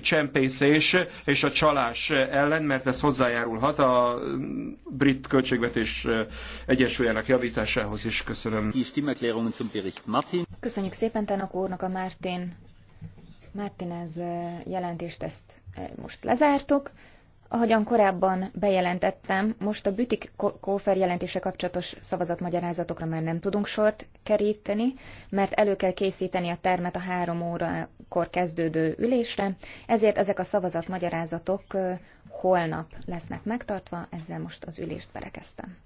csempészés és a csalás ellen, mert ez hozzájárulhat a brit költségvetés egyensúlyának javításához is. Köszönöm. Köszönjük szépen Tanok úrnak a Mártin. Mártin ez jelentést ezt most lezártuk. Ahogyan korábban bejelentettem, most a Bütik Kófer jelentése kapcsolatos szavazatmagyarázatokra már nem tudunk sort keríteni, mert elő kell készíteni a termet a három órakor kezdődő ülésre, ezért ezek a szavazatmagyarázatok holnap lesznek megtartva, ezzel most az ülést berekeztem.